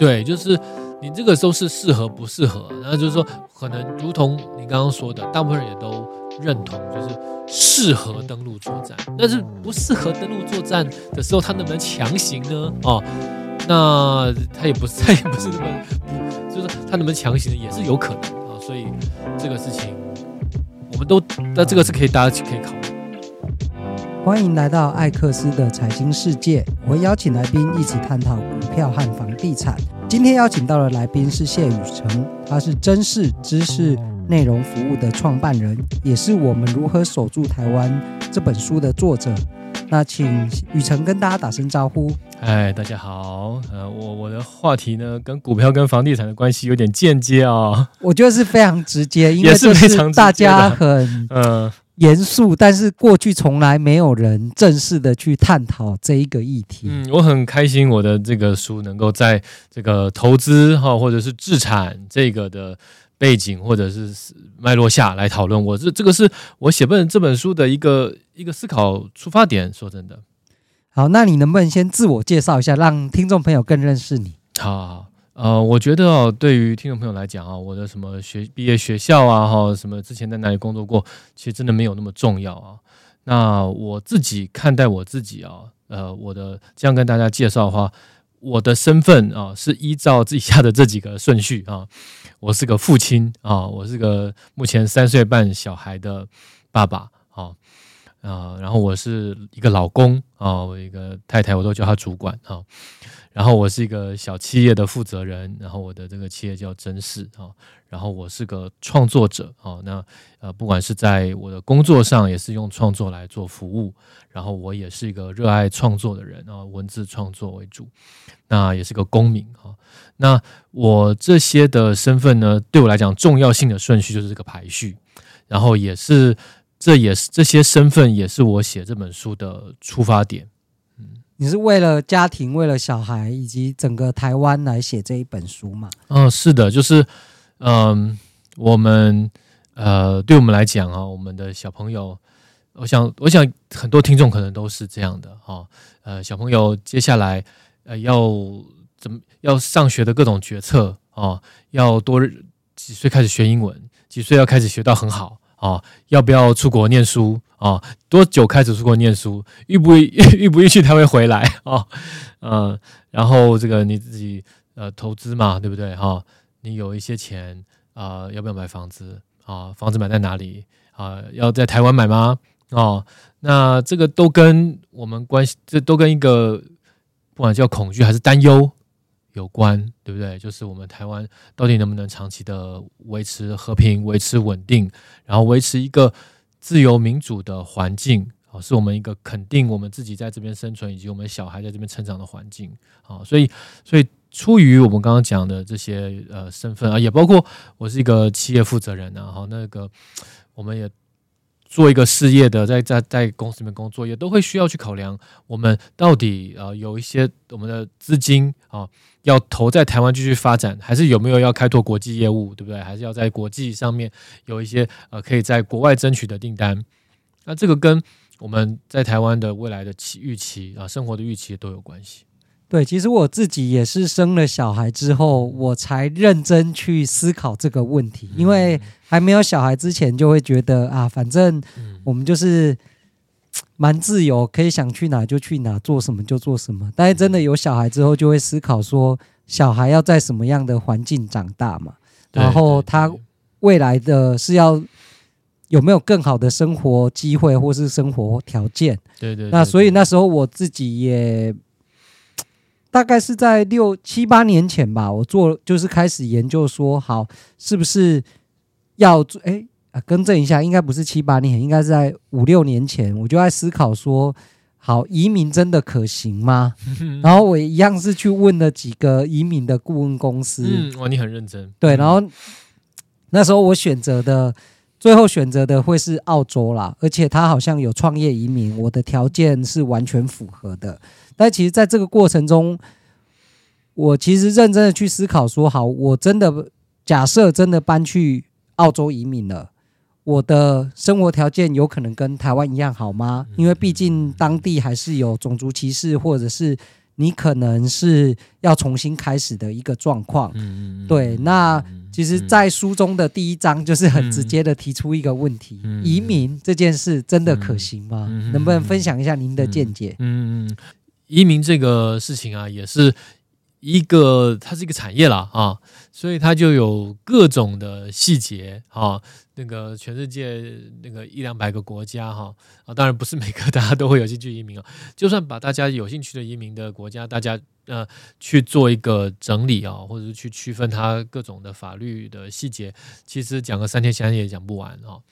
對，就是你這個時候是適合不適合，然後就是說，可能如同你剛剛說的，大部分人也都認同，就是適合登陸作戰，但是不適合登陸作戰的時候，他能不能強行呢？哦，那他也不他也不是那麼不，就是他能不能強行也是有可能啊，哦，所以這個事情我們都那這個是可以大家可以考慮的。慮。歡迎來到艾克斯的財經世界。我邀請來賓一起探討股票和房地產。今天邀請到的來賓是謝宇程，他是真識知識內容服務的創辦人，也是我們《如何守住台灣》這本書的作者。那請宇程跟大家打聲招呼。哎，大家好。呃，我我的話題呢，跟股票跟房地產的關係有點間接哦。我覺得是非常直接，因為就是大家很嗯。嚴肅，但是過去從來沒有人正式的去探討這一個議題。嗯，我很開心我的這個書能夠在這個投資哈或者是資產這個的背景或者是脈絡下來討論。我這這個是我寫本這本書的一個一個思考出發點，說真的。好，那你能不能先自我介紹一下，讓聽眾朋友更認識你？好，好。呃，我覺得哦，對於聽眾朋友來講啊，我的什麼學畢業學校啊，哈，什麼之前在哪裡工作過，其實真的沒有那麼重要啊。那我自己看待我自己啊，呃，我的這樣跟大家介紹的話，我的身份啊是依照以下的這幾個順序啊，我是個父親啊，我是個目前三歲半小孩的爸爸啊啊，然後我是一個老公啊，我一個太太，我都叫他主管啊。然後我是一個小企業的負責人，然後我的這個企業叫真識啊。然後我是個創作者啊，那呃，不管是在我的工作上，也是用創作來做服務。然後我也是一個熱愛創作的人啊，文字創作為主。那也是個公民啊。那我這些的身份呢，對我來講重要性的順序就是這個排序。然後也是，這也是這些身份，也是我寫這本書的出發點。你是為了家庭，為了小孩以及整個台灣來寫這一本書嗎？嗯，是的，就是，嗯、呃，我們呃，對我們來講啊、哦，我們的小朋友，我想，我想很多聽眾可能都是這樣的啊、哦、呃，小朋友接下來呃要怎麼要上學的各種決策啊、哦，要多幾歲開始學英文，幾歲要開始學到很好。啊、哦，要不要出國唸書啊、哦？多久開始出國唸書？預不預預不預去，他會回來啊？嗯、哦呃，然後這個你自己呃投資嘛，對不對哈、哦？你有一些錢啊、呃，要不要買房子啊、哦？房子買在哪裡啊、呃？要在台灣買嗎？哦，那這個都跟我們關係，這都跟一個不管叫恐懼還是擔憂。有關對不對？就是我們台灣到底能不能長期的維持和平，維持穩定，然後維持一個自由民主的環境，是我們一個肯定我們自己在這邊生存，以及我們小孩在這邊成長的環境啊。所以，所以出於我們剛剛講的這些呃身份啊，也包括我是一個企業負責人啊，然後那個我們也。做一個事業的，在在在公司裡面工作，也都會需要去考量我們到底呃有一些我們的資金啊、呃，要投在台灣繼續發展，還是有沒有要開拓國際業務，對不對？還是要在國際上面有一些呃可以在國外爭取的訂單？那這個跟我們在台灣的未來的期預期啊、呃，生活的預期都有關係。對，其實我自己也是生了小孩之後，我才認真去思考這個問題。因為還沒有小孩之前，就會覺得啊，反正我們就是蠻自由，可以想去哪就去哪，做什麼就做什麼。但是真的有小孩之後，就會思考說，小孩要在什麼樣的環境長大嘛？然後他未來的是要有沒有更好的生活機會，或是生活條件？對對。那所以那時候我自己也。大概是在六七八年前吧，我做就是開始研究說，好是不是要做哎、欸、更正一下，應該不是七八年，應該是在五六年前，我就在思考說，好移民真的可行嗎？ 然後我一樣是去問了幾個移民的顧問公司，嗯，哇、哦，你很認真，對，然後那時候我選擇的。最後選擇的會是澳洲啦，而且他好像有創業移民，我的條件是完全符合的。但其實，在這個過程中，我其實認真的去思考說：好，我真的假設真的搬去澳洲移民了，我的生活條件有可能跟台灣一樣好嗎？因為畢竟當地還是有種族歧視，或者是。你可能是要重新開始的一個狀況，嗯、對。那其實，在書中的第一章，就是很直接的提出一個問題：嗯、移民這件事真的可行嗎？嗯、能不能分享一下您的見解嗯？嗯，移民這個事情啊，也是一個，它是一個產業啦。啊。所以它就有各種的細節哈，那個全世界那個一兩百個國家哈啊，當然不是每個大家都會有興趣移民啊。就算把大家有興趣的移民的國家，大家呃去做一個整理啊，或者是去區分它各種的法律的細節，其實講個三天三夜也講不完哈。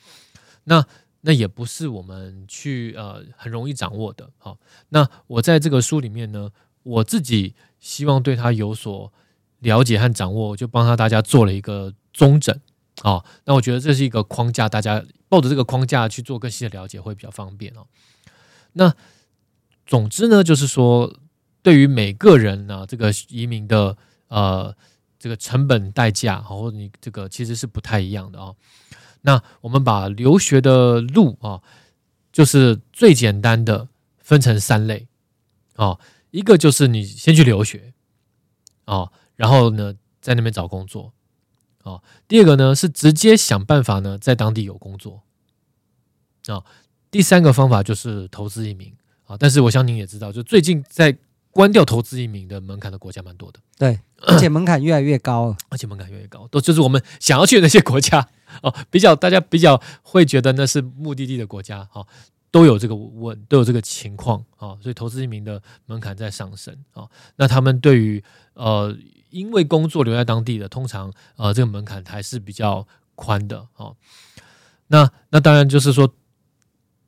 那那也不是我們去呃很容易掌握的哈。那我在這個書裡面呢，我自己希望對它有所了解和掌握，我就幫他大家做了一個綜整啊、哦。那我覺得這是一個框架，大家抱着這個框架去做更細的了解會比較方便哦。那總之呢，就是說對於每個人呢、啊，這個移民的呃這個成本代價，好或者你這個其實是不太一樣的啊、哦。那我們把留學的路啊、哦，就是最簡單的分成三類啊、哦，一個就是你先去留學啊。哦然後呢，在那邊找工作，啊、哦，第二個呢是直接想辦法呢在當地有工作，啊、哦，第三個方法就是投資移民，啊、哦，但是我相信你也知道，就最近在關掉投資移民的門檻的國家蠻多的，對，而且門檻越來越高了、嗯，而且門檻越來越高，都就是我們想要去的那些國家哦，比較大家比較會覺得那是目的地的國家哈、哦，都有這個問，都有這個情況啊、哦，所以投資移民的門檻在上升啊、哦，那他們對於呃。因為工作留在當地的，通常呃這個門檻還是比較寬的哦，那那當然就是說，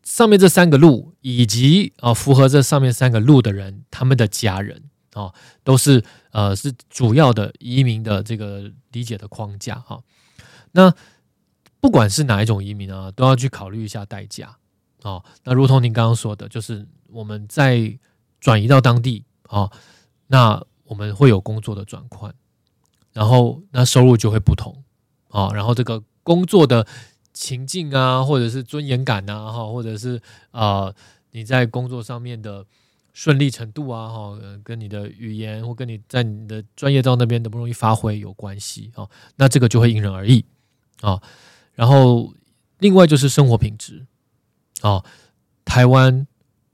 上面這三個路以及啊、哦，符合這上面三個路的人，他們的家人哦，都是呃是主要的移民的這個理解的框架哈、哦。那不管是哪一種移民啊，都要去考慮一下代價哦，那如同您剛剛說的，就是我們在轉移到當地哦，那。我們會有工作的轉換，然後那收入就會不同啊，然後這個工作的情境啊，或者是尊嚴感吶，哈，或者是啊、呃，你在工作上面的順利程度啊，哈、啊，跟你的語言或跟你在你的專業到那邊的不容易發揮有關係啊，那這個就會因人而異啊。然後另外就是生活品質啊，台灣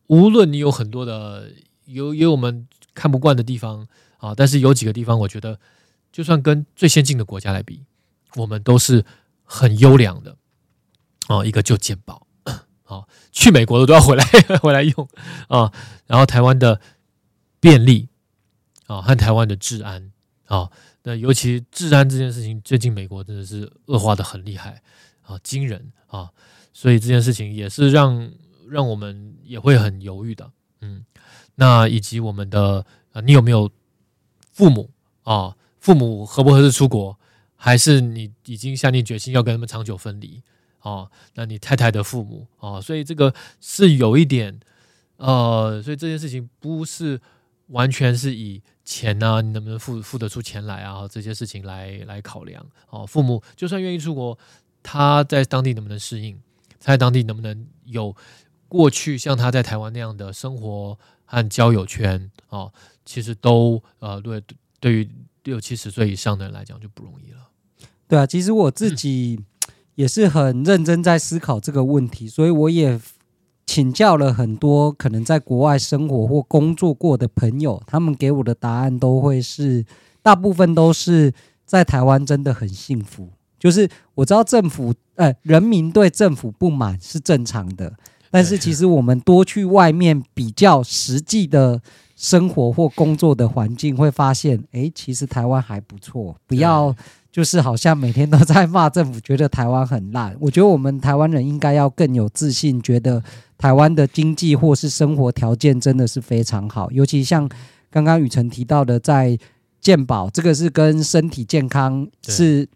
無論你有很多的有有我們看不慣的地方。啊，但是有幾個地方，我覺得就算跟最先進的國家來比，我們都是很優良的啊。一個就健保，啊，去美國的都要回來回來用啊。然後台灣的便利啊，和台灣的治安啊，那尤其治安這件事情，最近美國真的是惡化得很厲害啊，驚人啊。所以這件事情也是讓讓我們也會很猶豫的。嗯，那以及我們的啊，你有沒有？父母啊，父母合不合適出國，還是你已經下定決心要跟他們長久分離啊？那你太太的父母啊，所以這個是有一點，呃，所以這件事情不是完全是以錢呢，啊，你能不能付付得出錢來啊？這些事情來來考量啊，父母就算願意出國，他在當地能不能適應？他在當地能不能有過去像他在台灣那樣的生活和交友圈啊？其實都呃，對，對於六七十歲以上的人來講就不容易了。對啊，其實我自己也是很認真在思考這個問題，所以我也請教了很多可能在國外生活或工作過的朋友，他們給我的答案都會是，大部分都是在台灣真的很幸福。就是我知道政府呃，人民對政府不滿是正常的，但是其實我們多去外面比較實際的。生活或工作的環境，會發現，誒，其實台灣還不錯。對不要就是好像每天都在罵政府，覺得台灣很爛。我覺得我們台灣人應該要更有自信，覺得台灣的經濟或是生活條件真的是非常好。尤其像剛剛宇程提到的，在健保，這個是跟身體健康是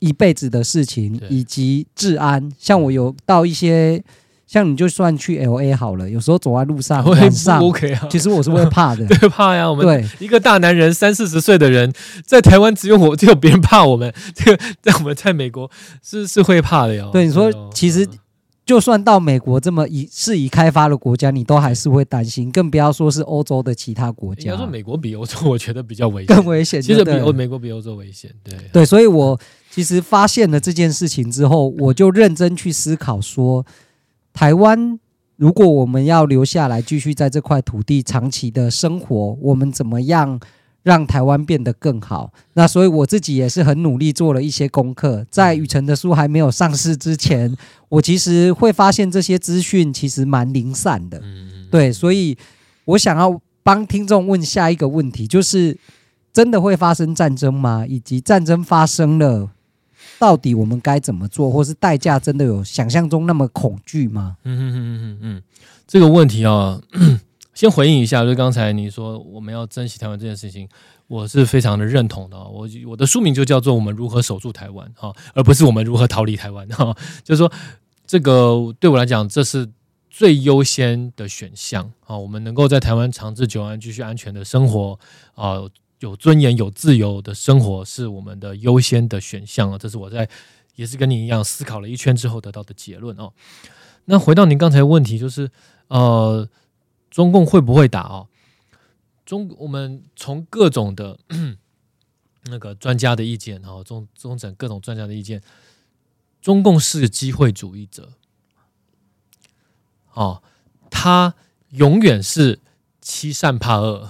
一輩子的事情，對以及治安。像我有到一些。像你就算去 LA 好了，有時候走在路上，會，LA，晚上不 OK 啊，其實我是會怕的， 對，怕呀。我們對一個大男人三四十歲的人，在台灣只有我只有別人怕我們，這個在我們在美國是是會怕的喲。對你說，哦、其實、嗯、就算到美國這麼已是已開發的國家，你都還是會擔心，更不要說是歐洲的其他國家。比如說美國比歐洲，我覺得比較危險。更危險。其實比歐美國比歐洲危險，對對。所以我其實發現了這件事情之後，我就認真去思考說。台灣，如果我們要留下來繼續在這塊土地長期的生活，我們怎麼樣讓台灣變得更好？那所以我自己也是很努力做了一些功課，在宇程的書還沒有上市之前，我其實會發現這些資訊其實蠻零散的。對，所以我想要幫聽眾問下一個問題，就是真的會發生戰爭嗎？以及戰爭發生了。到底我們該怎麼做，或是代價真的有想象中那麼恐懼嗎？嗯哼嗯哼嗯，這個問題啊，先回應一下，就是剛才你說我們要珍惜台灣這件事情，我是非常的認同的。我我的書名就叫做《我們如何守住台灣》，啊，而不是我們如何逃離台灣。哈，啊，就是說，這個對我來講，這是最優先的選項。啊，我們能夠在台灣長治久安、繼續安全的生活，啊。有尊嚴、有自由的生活是我們的優先的選項啊！這是我在，也是跟你一樣思考了一圈之後得到的結論哦。那回到您剛才的問題，就是呃，中共會不會打哦？中我們從各種的，那個專家的意見啊、哦，中中層各種專家的意見，中共是機會主義者，哦，他永遠是。欺善怕惡，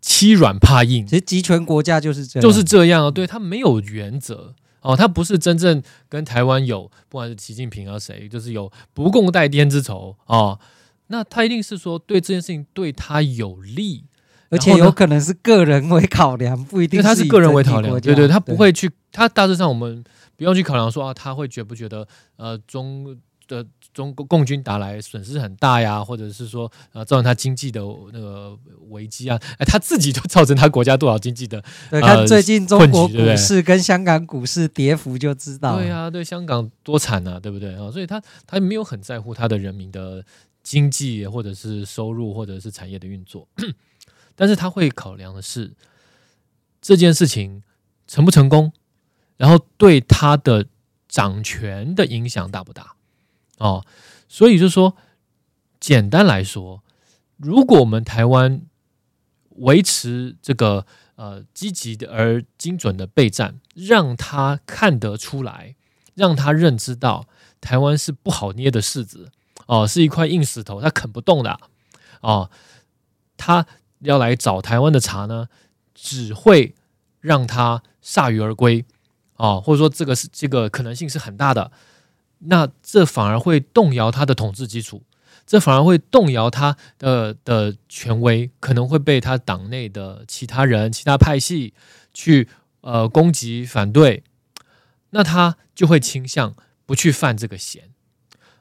欺軟怕硬。其實，極權國家就是這樣，就是這樣啊。對他沒有原則哦，他不是真正跟台灣有，不管是習近平啊誰，就是有不共戴天之仇哦。那他一定是說，對這件事情對他有利，而且有可能是個人為考量，不一定是他是個人為考量。對對，他不會去，他大致上我們不用去考量說啊，他會覺不覺得呃中的。中國共軍打來，損失很大呀，或者是說，呃、啊，造成他經濟的那個危機啊，哎，他自己就造成他國家多少經濟的對，看最近中國股市跟香港股市跌幅就知道、呃。對啊，對香港多慘啊，對不對啊？所以他他沒有很在乎他的人民的經濟或者是收入或者是產業的運作， 但是他會考量的是這件事情成不成功，然後對他的掌權的影響大不大。哦，所以就是說，簡單來說，如果我們台灣維持這個呃積極而精準的備戰，讓他看得出來，讓他認知到台灣是不好捏的柿子，哦，是一塊硬石頭，他啃不動的，哦，他要來找台灣的碴呢，只會讓他鎩羽而歸，哦，或者說這個是這個可能性是很大的。那這反而會動搖他的統治基礎，這反而會動搖他的的權威，可能會被他黨內的其他人、其他派系去呃攻擊反對，那他就會傾向不去犯這個嫌。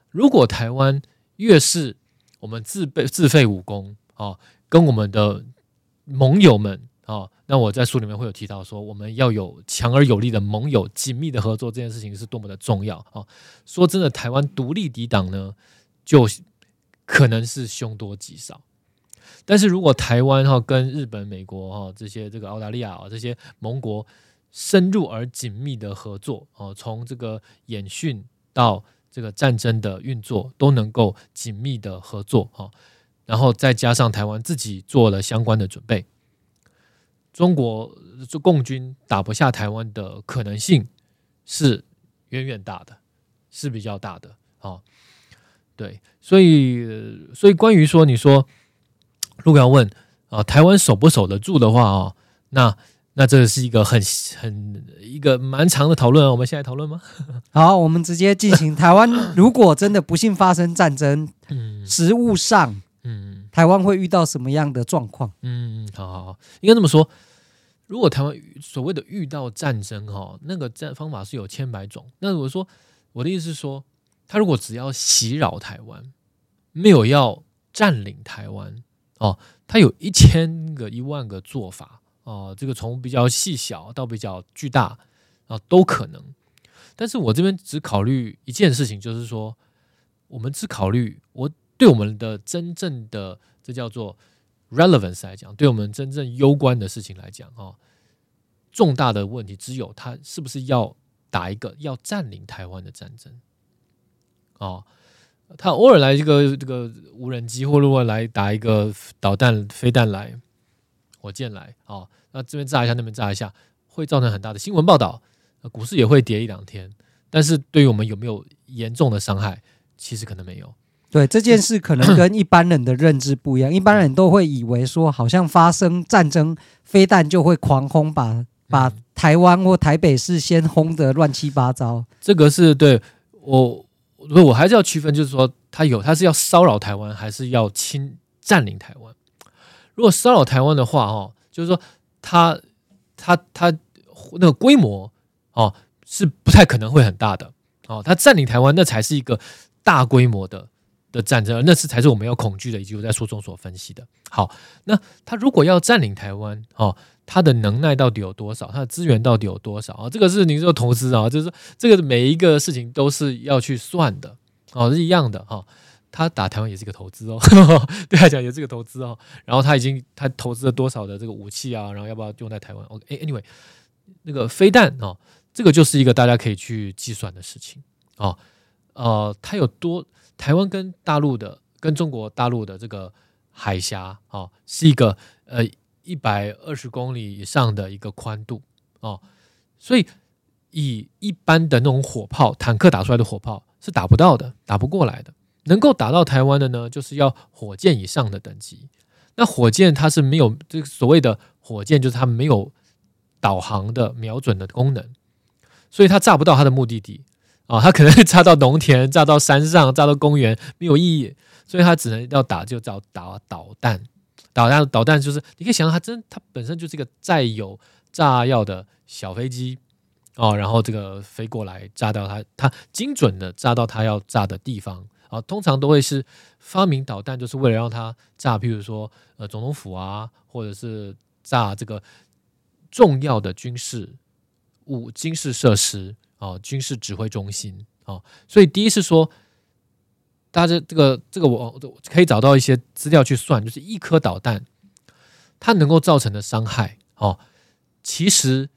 如果台灣越是我們自備自廢武功哦，跟我們的盟友們哦。那我在書裡面會有提到說，說我們要有強而有力的盟友，緊密的合作這件事情是多麼的重要啊！說真的，台灣獨立抵擋呢，就可能是凶多吉少。但是如果台灣哈跟日本、美國哈這些這個澳大利亞啊這些盟國深入而緊密的合作哦，從這個演訓到這個戰爭的運作都能夠緊密的合作，然後再加上台灣自己做了相關的準備。中國這共軍打不下台灣的可能性是遠遠大的，是比較大的啊、哦。對，所以所以關於說你說如果要問，啊，台灣守不守得住的話啊、哦，那那這是一個很很一個蠻長的討論，我們現在討論嗎？好，我們直接進行。 台灣如果真的不幸發生戰爭，嗯，實務上，嗯，台灣會遇到什麼樣的狀況？嗯，好好好，應該這麼說。如果台灣所謂的遇到戰爭哈、哦，那個戰方法是有千百種。那如果說，我的意思是說，他如果只要襲擾台灣，沒有要占領台灣哦，他有一千個一萬個做法哦，這個從比較細小到比較巨大啊、哦、都可能。但是我這邊只考慮一件事情，就是說我們只考慮我對我們的真正的這叫做，relevance 來講，對我們真正攸關的事情來講哦，重大的問題，只有他是不是要打一個要占領台灣的戰爭？哦，他偶爾來一個這個無人機或如果來打一個導彈、飛彈來、火箭來，哦，那這邊炸一下，那邊炸一下，會造成很大的新聞報道，股市也會跌一兩天。但是對於我們有沒有嚴重的傷害，其實可能沒有。對這件事，可能跟一般人的認知不一樣。嗯、一般人都會以為說，好像發生戰爭，飛彈就會狂轟把，把把台灣或台北市先轟得亂七八糟。這個是對我，我還是要區分，就是說，他有他是要騷擾台灣，還是要侵占領台灣？如果騷擾台灣的話，哦，就是說他，他他他那個規模，哦，是不太可能會很大的。哦，他占領台灣，那才是一個大規模的。戰爭，那是才是我們要恐懼的，以及我在書中所分析的。好，那他如果要佔領台灣，哦，他的能耐到底有多少？他的資源到底有多少啊？哦，這個是您說投資啊，就是這個每一個事情都是要去算的，哦，是一樣的哈。哦，他打台灣也是一個投資哦，對他講也是個投資哦，啊，哦。然後他已經他投資了多少的這個武器啊？然後要不要用在台灣？OK，anyway，那個飛彈哦，這個就是一個大家可以去計算的事情哦，呃，他有多？台灣跟大陸的、跟中國大陸的這個海峽哦，是一個呃一百二十公里以上的一個寬度哦，所以以一般的那種火炮、坦克打出來的火炮是打不到的、打不過來的。能夠打到台灣的呢，就是要火箭以上的等級。那火箭它是沒有這個所謂的火箭，就是它沒有導航的瞄準的功能，所以它炸不到它的目的地。啊，他可能會炸到農田，炸到山上，炸到公園，沒有意義，所以他只能要打，就叫打導彈。導彈，導彈就是你可以想象它真，它本身就是一個載有炸藥的小飛機，哦、啊，然後這個飛過來炸掉它，它精準的炸到它要炸的地方。啊，通常都會是發明導彈，就是為了讓它炸，比如說呃總統府啊，或者是炸這個重要的軍事物、軍事設施。哦，軍事指揮中心哦，所以第一是說，大家這個這個我可以找到一些資料去算，就是一顆導彈它能夠造成的傷害哦。其實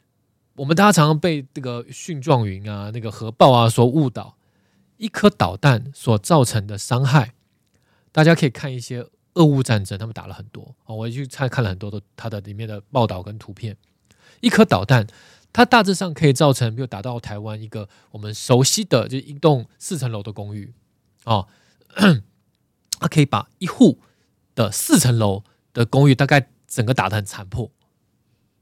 我們大家常常被這個蕈狀雲啊、那個核爆啊所誤導，一顆導彈所造成的傷害，大家可以看一些俄烏戰爭，他們打了很多哦，我去才看了很多的它的裡面的報道跟圖片，一顆導彈。它大致上可以造成比如打到台灣一個我們熟悉的，就一棟四層樓的公寓哦、啊，它可以把一戶的四層樓的公寓大概整個打得很殘破，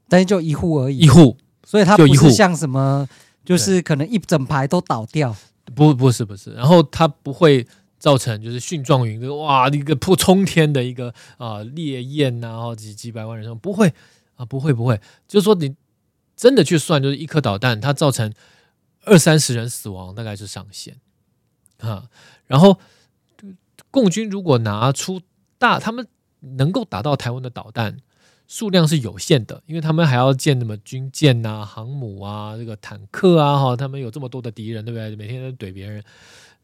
但是就一戶而已，一戶 戶，所以它不是像什麼，就是可能一整排都倒掉，不，不是，不是，然後它不會造成就是蕈狀雲，哇，一個破衝天的一個啊、呃、烈焰，然後幾幾百萬人燒，不會啊，不會，不會，就是說你。真的去算，就是一顆導彈，它造成二三十人死亡，大概是上限啊。然後，共軍如果拿出大，他們能夠打到台灣的導彈數量是有限的，因為他們還要建什麼軍艦啊、航母啊、這個坦克啊，哈，他們有這麼多的敵人，對不對？每天都懟別人，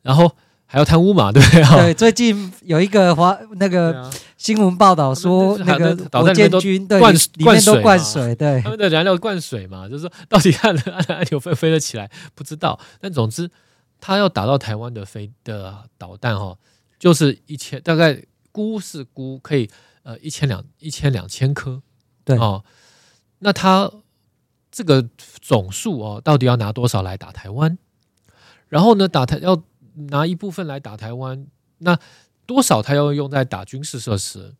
然後。還要貪污嘛？對不對？對，最近有一個華那個新聞報道說，啊那個、那個導彈導軍都灌對灌都灌水，對他們的燃料灌水嘛，就是說到底按按按鈕飛飛得起來不知道。但總之，他要打到台灣的飛的導彈哈、哦，就是一千大概估是估可以呃一千兩一千兩千顆對哦。那他這個總數哦，到底要拿多少來打台灣？然後呢，打台要。拿一部分來打台灣，那多少他要用在打軍事設施？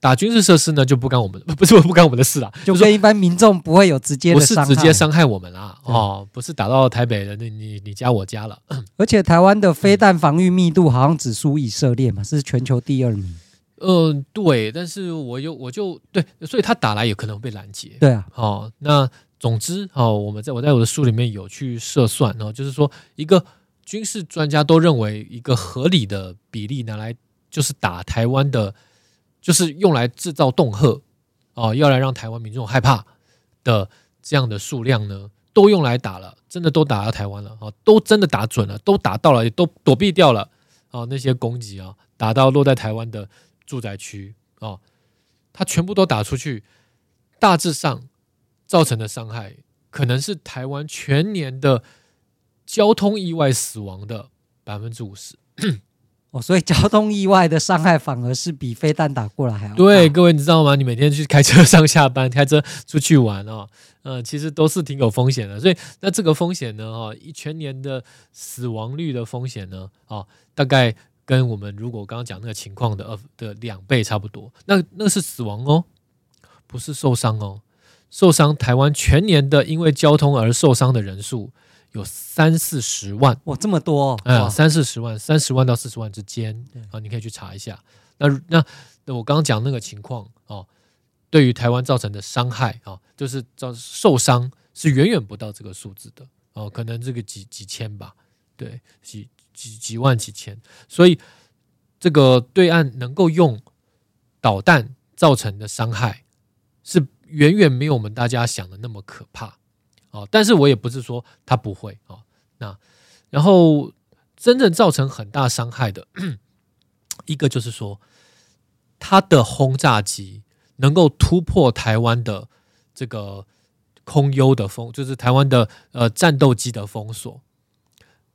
打軍事設施呢，就不干我們的，不是不干我們的事了、啊，就跟一般民眾不會有直接的傷害，不是直接傷害我們啦、啊，對哦，不是打到台北人，你你你家我家了。而且台灣的飛彈防禦密度好像只輸以色列嘛，是全球第二名。嗯、呃，對。但是我又我就對，所以他打來也可能被攔截。對啊，好、哦。那總之哦，我們在我在我的書裡面有去設算哦，就是說一個。軍事專家都認為，一個合理的比例拿來就是打台灣的，就是用來制造恫嚇，哦，要來讓台灣民眾害怕的這樣的數量呢，都用來打了，真的都打到台灣了啊、哦，都真的打準了，都打到了，也都躲避掉了啊、哦，那些攻擊啊、哦，打到落在台灣的住宅區啊，它、哦、全部都打出去，大致上造成的傷害，可能是台灣全年的。交通意外死亡的百分之五十哦，所以交通意外的傷害反而是比飛彈打過來還要高。對，各位你知道嗎？你每天去開車上下班，開車出去玩哦，嗯，其實都是挺有風險的。所以那這個風險呢，哈，一全年的死亡率的風險呢，啊、哦，大概跟我們如果剛剛講那個情況的二的兩倍差不多。那那是死亡哦，不是受傷哦。受傷，台灣全年的因為交通而受傷的人數。有三四十萬哇、嗯，這麼多！嗯，三四十萬，三十萬到四十萬之間啊，你可以去查一下。那那我剛剛講那個情況哦，對於台灣造成的傷害啊、哦，就是遭受傷是遠遠不到這個數字的哦，可能這個幾幾千吧，對，幾幾幾萬幾千。所以這個對岸能夠用導彈造成的傷害，是遠遠沒有我們大家想的那麼可怕。哦，但是我也不是說他不會哦。那然後真正造成很大傷害的一個就是說，他的轟炸機能夠突破台灣的這個空優的封，就是台灣的呃戰鬥機的封鎖。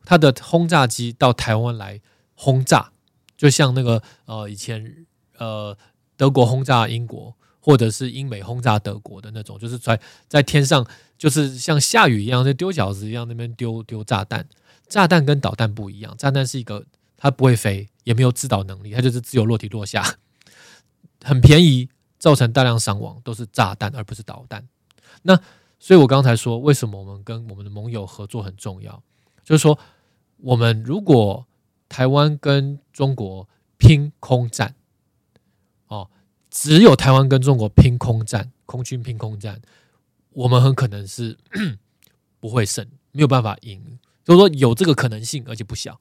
他的轟炸機到台灣來轟炸，就像那個呃以前呃德國轟炸英國，或者是英美轟炸德國的那種，就是在在天上。就是像下雨一樣，在丟餃子一樣，那邊丟丟炸彈。炸彈跟導彈不一樣，炸彈是一個，它不會飛，也沒有制導能力，它就是自由落體落下，很便宜，造成大量傷亡，都是炸彈而不是導彈。那所以，我剛才說，為什麼我們跟我們的盟友合作很重要？就是說，我們如果台灣跟中國拼空戰，哦，只有台灣跟中國拼空戰，空軍拼空戰。我們很可能是不會勝，沒有辦法贏，所以說有這個可能性，而且不小。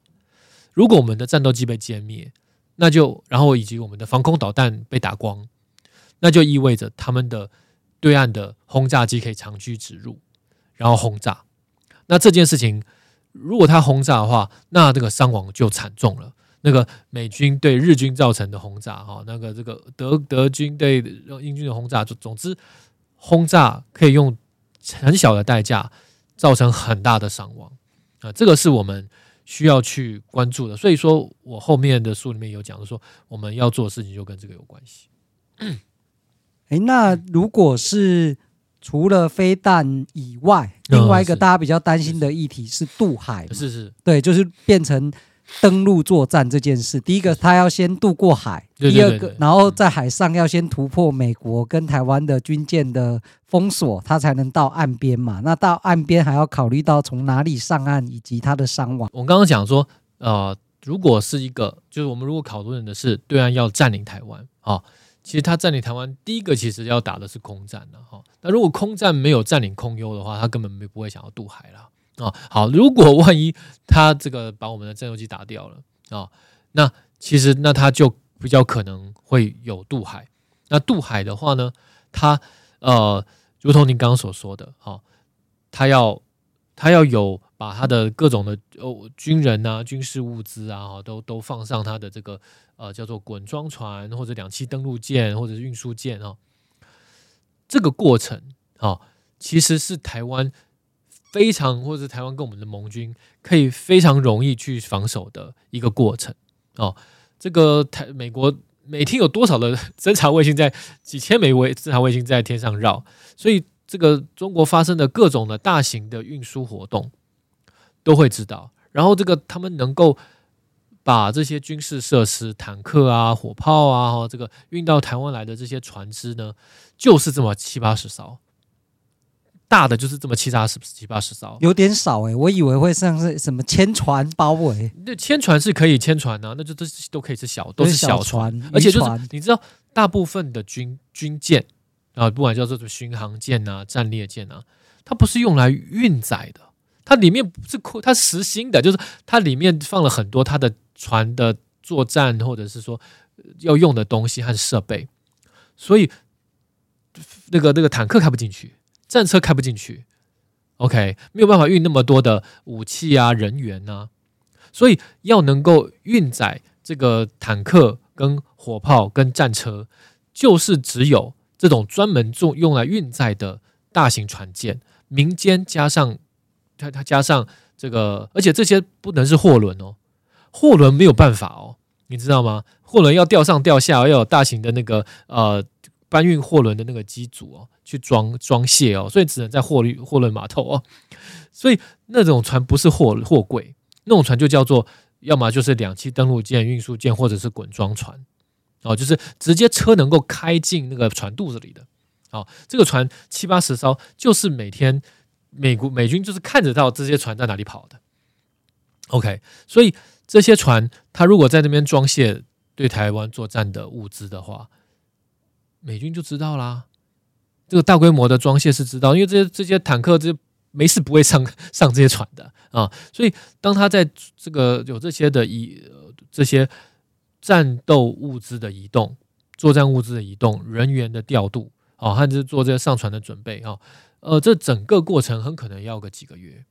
如果我們的戰鬥機被殲滅，那就然後以及我們的防空導彈被打光，那就意味着他們的對岸的轟炸機可以長驅直入，然後轟炸。那這件事情，如果它轟炸的話，那這個傷亡就慘重了。那個美軍對日軍造成的轟炸，哈，那個這個德德軍對英軍的轟炸，總總之。轟炸可以用很小的代價造成很大的傷亡啊，呃，這個是我們需要去關注的。所以說，我後面的書裡面有講，說我們要做的事情就跟這個有關係。誒，欸，那如果是除了飛彈以外，嗯，另外一個大家比較擔心的議題是渡海，是是，是對，就是變成。登陸作戰這件事，第一個他要先渡過海。對對對，第二個，然後在海上要先突破美國跟台灣的軍艦的封鎖，他才能到岸邊嘛。那到岸邊還要考慮到從哪裡上岸以及他的傷亡。我剛剛講說，呃，如果是一個，就是我們如果考慮的是對岸要佔領台灣啊、哦，其實他佔領台灣，第一個其實要打的是空戰的哈、哦。那如果空戰沒有佔領空優的話，他根本不會想要渡海了。啊、哦，好，如果萬一他這個把我們的戰鬥機打掉了啊、哦，那其實，那他就比較可能會有渡海。那渡海的話呢，他呃，如同您剛剛所說的，哈、哦，他要他要有把他的各種的軍人啊、軍事物資啊，都都放上他的這個呃叫做滾裝船或者兩棲登陸艦或者是運輸艦啊，這個過程啊、哦，其實是台灣，非常，或是台灣跟我們的盟軍可以非常容易去防守的一個過程哦。這個台，美國每天有多少的偵察衛星在幾千枚衛偵察衛星在天上繞，所以這個中國發生的各種的大型的運輸活動都會知道。然後這個他們能夠把這些軍事設施、坦克啊、火炮啊，哦，這個運到台灣來的這些船只呢，就是這麼七八十艘。大的就是這麼七十，是不是七八十艘，有點少誒、欸，我以為會像是什麼千船包圍，那千船是可以千船呢、啊,那就都都可以是小，都是小船，漁船 而且就是你知道，大部分的軍軍艦啊，不管叫做什麼巡航艦吶，戰列艦吶。它不是用來運載的，它裡面不是空，它實心的，就是它裡面放了很多它的船的作戰或者是說要用的東西和設備，所以那個那個坦克開不進去。戰車開不進去，OK，沒有辦法運那麼多的武器啊、人員啊，所以要能夠運載這個坦克、跟火炮、跟戰車，就是只有這種專門用用來運載的大型船艦。民間加上它，它加上這個，而且這些不能是貨輪哦，貨輪沒有辦法哦，你知道嗎？貨輪要吊上吊下，要有大型的那個呃。搬運貨輪的那個機組哦，去裝裝卸哦，所以只能在貨運貨輪碼頭哦，所以那種船不是貨貨櫃，那種船就叫做要麼就是兩棲登陸艦、運輸艦，或者是滾裝船哦，就是直接車能夠開進那個船肚子裡的。哦，這個船七八十艘，就是每天美國美軍就是看得到這些船在哪裡跑的。OK，所以這些船，它如果在那邊裝卸對台灣作戰的物資的話。美軍就知道啦，啊，這個大規模的裝卸是知道，因為這些這些坦克這沒事不會上上這些船的啊，所以當他在這個有這些的移這些戰鬥物資的移動，作戰物資的移動，人員的調度，哦，還是做這些上船的準備啊，呃，這整個過程很可能要個幾個月，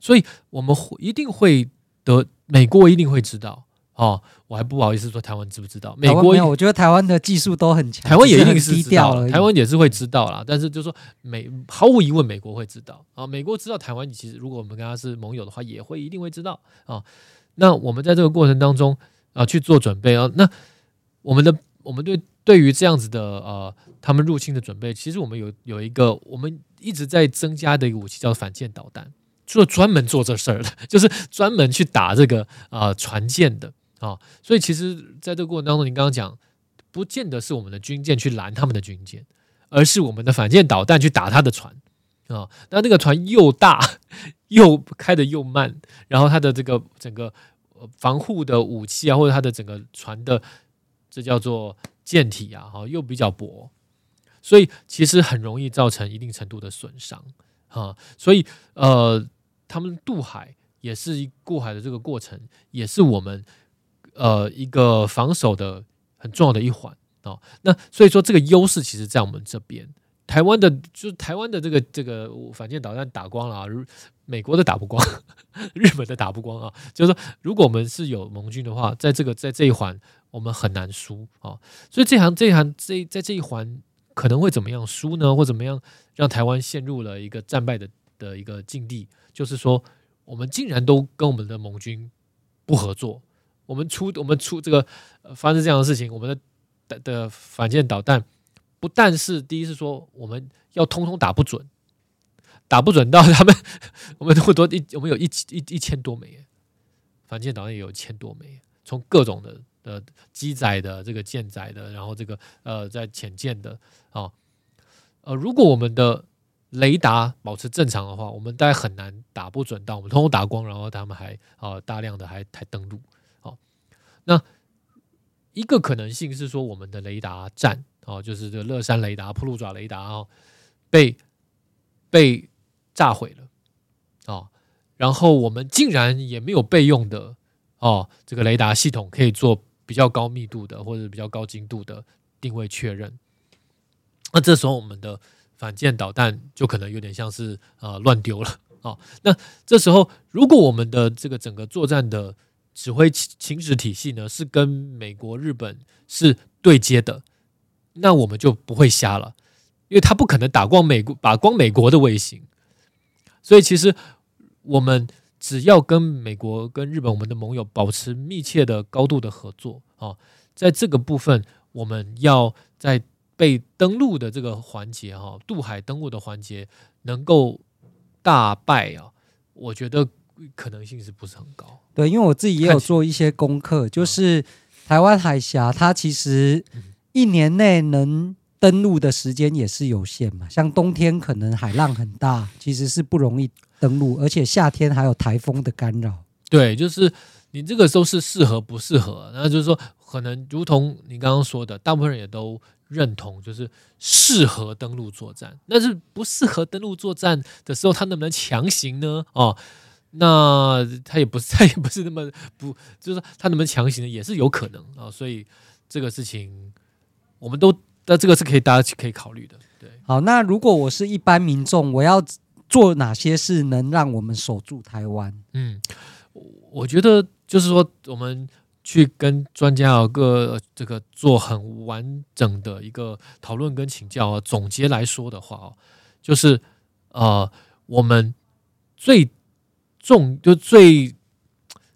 所以我們會一定會的，美國一定會知道。哦，我還不好意思說台灣知不知道？美國有，我覺得台灣的技術都很強，台灣也一定是知道的，只是很低調而已，台灣也是會知道啦，但是就是說美，毫無疑問，美國會知道啊。美國知道台灣，其實如果我們跟他是盟友的話，也會一定會知道啊。那我們在這個過程當中啊去做準備啊，那我們的我們對對於這樣子的呃他們入侵的準備，其實我們有有一個我們一直在增加的一個武器叫反艦導彈，做專門做這事兒的，就是專門去打這個啊、呃、船艦的。啊、哦，所以其實在這個過程當中，您剛剛講，不見得是我們的軍艦去攔他們的軍艦，而是我們的反艦導彈去打他的船。啊、哦，那那個船又大，又開的得又慢，然後它的這個整個防護的武器啊，或者它的整個船的這叫做艦體啊、哦，又比較薄，所以其實很容易造成一定程度的損傷啊、哦。所以呃，他們渡海也是過海的這個過程，也是我們。呃，一個防守的很重要的一環啊、哦。那所以說，這個優勢其實在我們這邊。台灣的，就是台灣的這個這個反艦導彈打光了啊，美國的打不光，日本的打不光啊。就是說，如果我們是有盟軍的話，在這個在這一環，我們很難輸啊、哦。所以這行這行這在這一環可能會怎麼樣輸呢？或怎麼樣讓台灣陷入了一個戰敗的的一個境地？就是說，我們竟然都跟我們的盟軍不合作。我們出我們出這個、呃、發生這樣的事情，我們的的反艦導彈不但是第一是說我們要通通打不準，打不準到他們，我們那麼多一我們有一一一千多枚反艦導彈，也有一千多枚，從各種的的機載的這個艦載的，然後這個呃在潛艦的啊，呃、哦、呃如果我們的雷達保持正常的話，我們大概很難打不準到，我們通通打光，然後他們還啊、呃、大量的還還登陸。那一個可能性是說，我們的雷達站，哦，就是這樂山雷達，鋪路爪雷達哦，被被炸毀了哦，然後我們竟然也沒有備用的哦，這個雷達系統可以做比較高密度的或者比較高精度的定位確認。那這時候我們的反艦導彈就可能有點像是呃亂丟了哦。那這時候如果我們的這個整個作戰的指揮情情指體系呢，是跟美國、日本是對接的，那我們就不會瞎了，因為他不可能打光美國，打光美國的衛星，所以其實我們只要跟美國、跟日本，我們的盟友保持密切的、高度的合作啊、哦，在這個部分，我們要在被登陸的這個環節啊、哦，渡海登陸的環節能夠大敗啊、哦，我覺得。可能性是不是很高？對，因為我自己也有做一些功課，就是台灣海峽它其實一年內能登陸的時間也是有限嘛。像冬天可能海浪很大，其實是不容易登陸，而且夏天還有台風的干擾。對，就是你這個時候是適合不適合。那就是說，可能如同你剛剛說的，大部分人也都認同，就是適合登陸作戰。但是不適合登陸作戰的時候，他能不能強行呢？哦。那他也不是，他也不是那麼不，就是他能不能強行的也是有可能啊、哦，所以這個事情我們都，那這個是可以大家去可以考慮的。對，好，那如果我是一般民眾，我要做哪些事能讓我們守住台灣？嗯，我覺得就是說，我們去跟專家啊，各這個做很完整的一個討論跟請教，總結來說的話啊，就是呃，我們最。重就最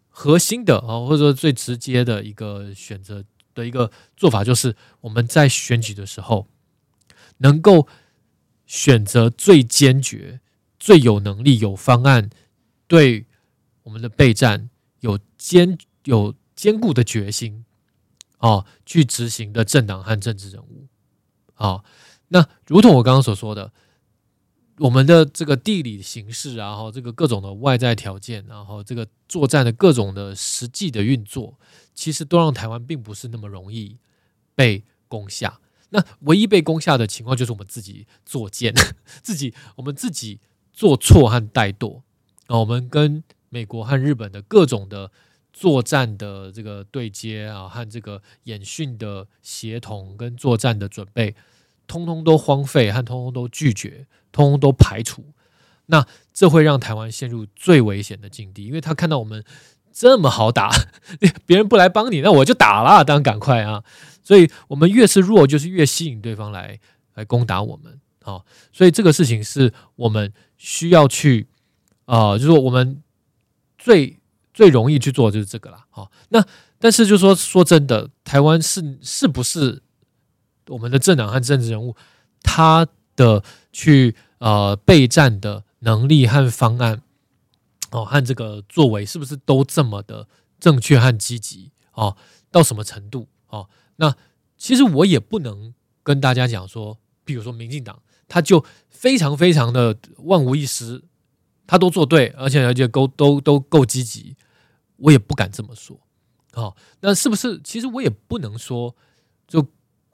核心的啊，或者說最直接的一個選擇的一個做法，就是我們在選舉的時候，能夠選擇最堅決、最有能力、有方案，對我們的備戰有堅有堅固的決心，哦，去執行的政黨和政治人物啊、哦。那如同我剛剛所說的。我們的這個地理形勢，然後這個各種的外在條件，然後這個作戰的各種的實際的運作，其實都讓台灣並不是那麼容易被攻下。那唯一被攻下的情況，就是我們自己作賤自己，我們自己做錯和怠惰。那我們跟美國和日本的各種的作戰的這個對接啊，和這個演訓的協同跟作戰的準備。通通都荒廢和通通都拒絕，通通都排除，那這會讓台灣陷入最危險的境地，因為他看到我們這麼好打，別人不來幫你，那我就打啦，當然趕快啊！所以我們越是弱，就是越吸引對方來來攻打我們啊、哦！所以這個事情是我們需要去啊、呃，就說我們最最容易去做的就是這個啦啊、哦！那但是就說說真的，台灣是是不是？我們的政黨和政治人物，他的去呃備戰的能力和方案，哦，和這個作為是不是都這麼的正確和積極？哦，到什麼程度？哦，那其實我也不能跟大家講說，比如說民進黨，他就非常非常的萬無一失，他都做對，而且而且都都都夠積極，我也不敢這麼說。哦，那是不是？其實我也不能說就。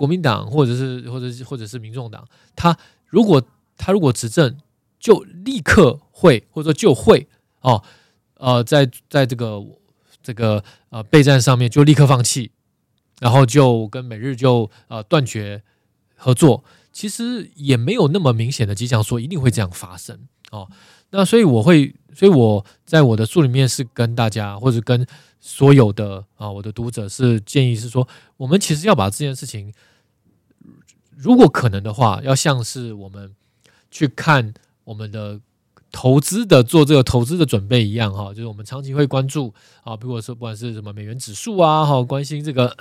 國民黨或者是或者或者是民眾黨，他如果他如果執政，就立刻會或者就會哦、啊、呃，在在這個這個呃備戰上面就立刻放棄，然後就跟美日就呃斷絕合作。其實也沒有那麼明顯的跡象說一定會這樣發生哦、啊。那所以我會，所以我在我的書裡面是跟大家或者跟所有的啊我的讀者是建議是說，我們其實要把這件事情。如果可能的話，要像是我們去看我們的投資的做這個投資的準備一樣，哈，就是我們長期會關注啊，比如說不管是什麼美元指數啊，好，關心這個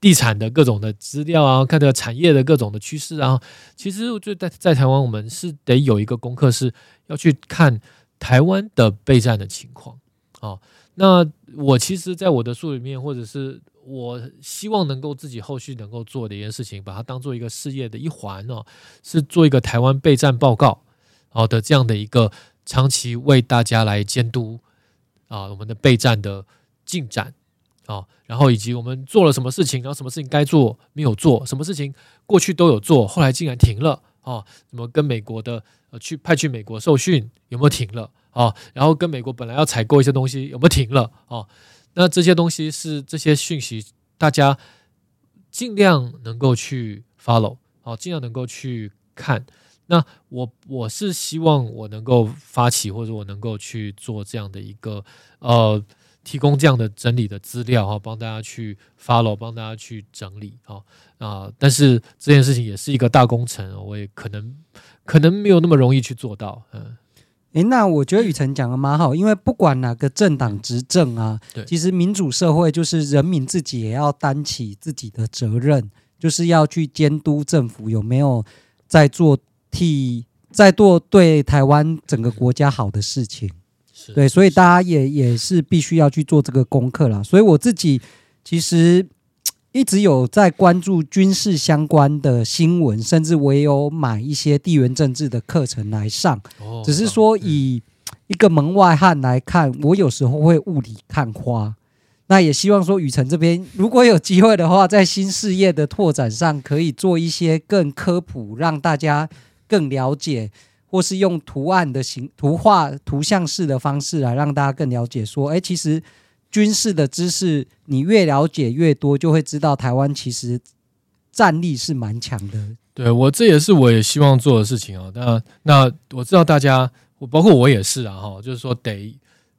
地產的各種的資料啊，看這個產業的各種的趨勢啊。其實我覺得在在台灣，我們是得有一個功課，是要去看台灣的備戰的情況啊。那我其實，在我的書裡面，或者是。我希望能夠自己後續能夠做的一件事情，把它當做一個事業的一環哦，是做一個台灣備戰報告，好的，這樣的一個長期為大家來監督啊，我們的備戰的進展啊，然後以及我們做了什麼事情，然後什麼事情該做沒有做，什麼事情過去都有做，後來竟然停了啊？什麼跟美國的呃，去派去美國受訓有沒有停了啊？然後跟美國本來要採購一些東西有沒有停了啊？那這些東西是這些訊息，大家盡量能夠去 follow，啊，盡量能夠去看。那我我是希望我能夠發起，或者我能夠去做這樣的一個呃，提供這樣的整理的資料啊，幫大家去 follow，幫大家去整理啊啊、呃！但是這件事情也是一個大工程，我也可能可能沒有那麼容易去做到，嗯。哎，那我覺得宇程講的蠻好，因為不管哪個政黨執政啊，對其實民主社會就是人民自己也要擔起自己的責任，就是要去監督政府有沒有在做替在做對台灣整個國家好的事情，嗯、對，所以大家也也是必須要去做這個功課啦。所以我自己其實。一直有在關注軍事相關的新聞，甚至我也有買一些地緣政治的課程來上。只是說以一個門外漢來看，我有時候會霧裡看花。那也希望說宇程這邊，如果有機會的話，在新事業的拓展上，可以做一些更科普，讓大家更了解，或是用圖案的形、圖畫、圖像式的方式來讓大家更了解。說，哎、欸，其實。軍事的知識，你越了解越多，就會知道台灣其實戰力是蠻強的對。對，我這也是我也希望做的事情啊、喔。那那我知道大家，我包括我也是啊哈，就是說得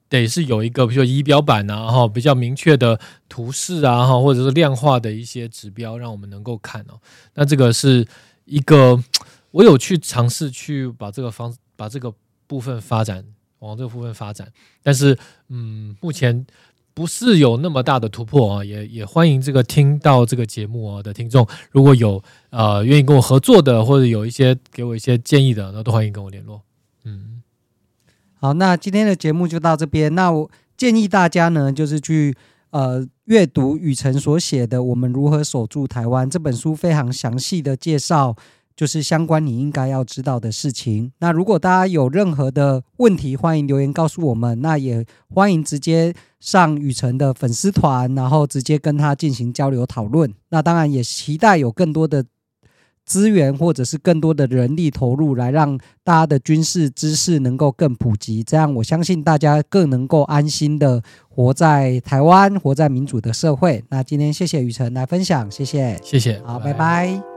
得是有一個，比如說儀表板啊哈，比較明確的圖示啊哈，或者是量化的一些指標，讓我們能夠看哦、喔。那這個是一個，我有去嘗試去把這個方把這個部分發展往這個部分發展，但是嗯，目前。不是有那麼大的突破啊，也也歡迎這個聽到這個節目啊的聽眾，如果有呃願意跟我合作的，或者有一些給我一些建議的，那都歡迎跟我聯絡。嗯，好，那今天的節目就到這邊。那我建議大家呢，就是去呃閱讀宇程所寫的《我們如何守住台灣》這本書，非常詳細的介紹。就是相關你應該要知道的事情。那如果大家有任何的問題，歡迎留言告訴我們。那也歡迎直接上宇程的粉絲團，然後直接跟他進行交流討論。那當然也期待有更多的資源或者是更多的人力投入，來讓大家的軍事知識能夠更普及。這樣我相信大家更能夠安心地活在台灣，活在民主的社會。那今天謝謝宇程來分享，謝謝，謝謝，好，拜拜。拜拜。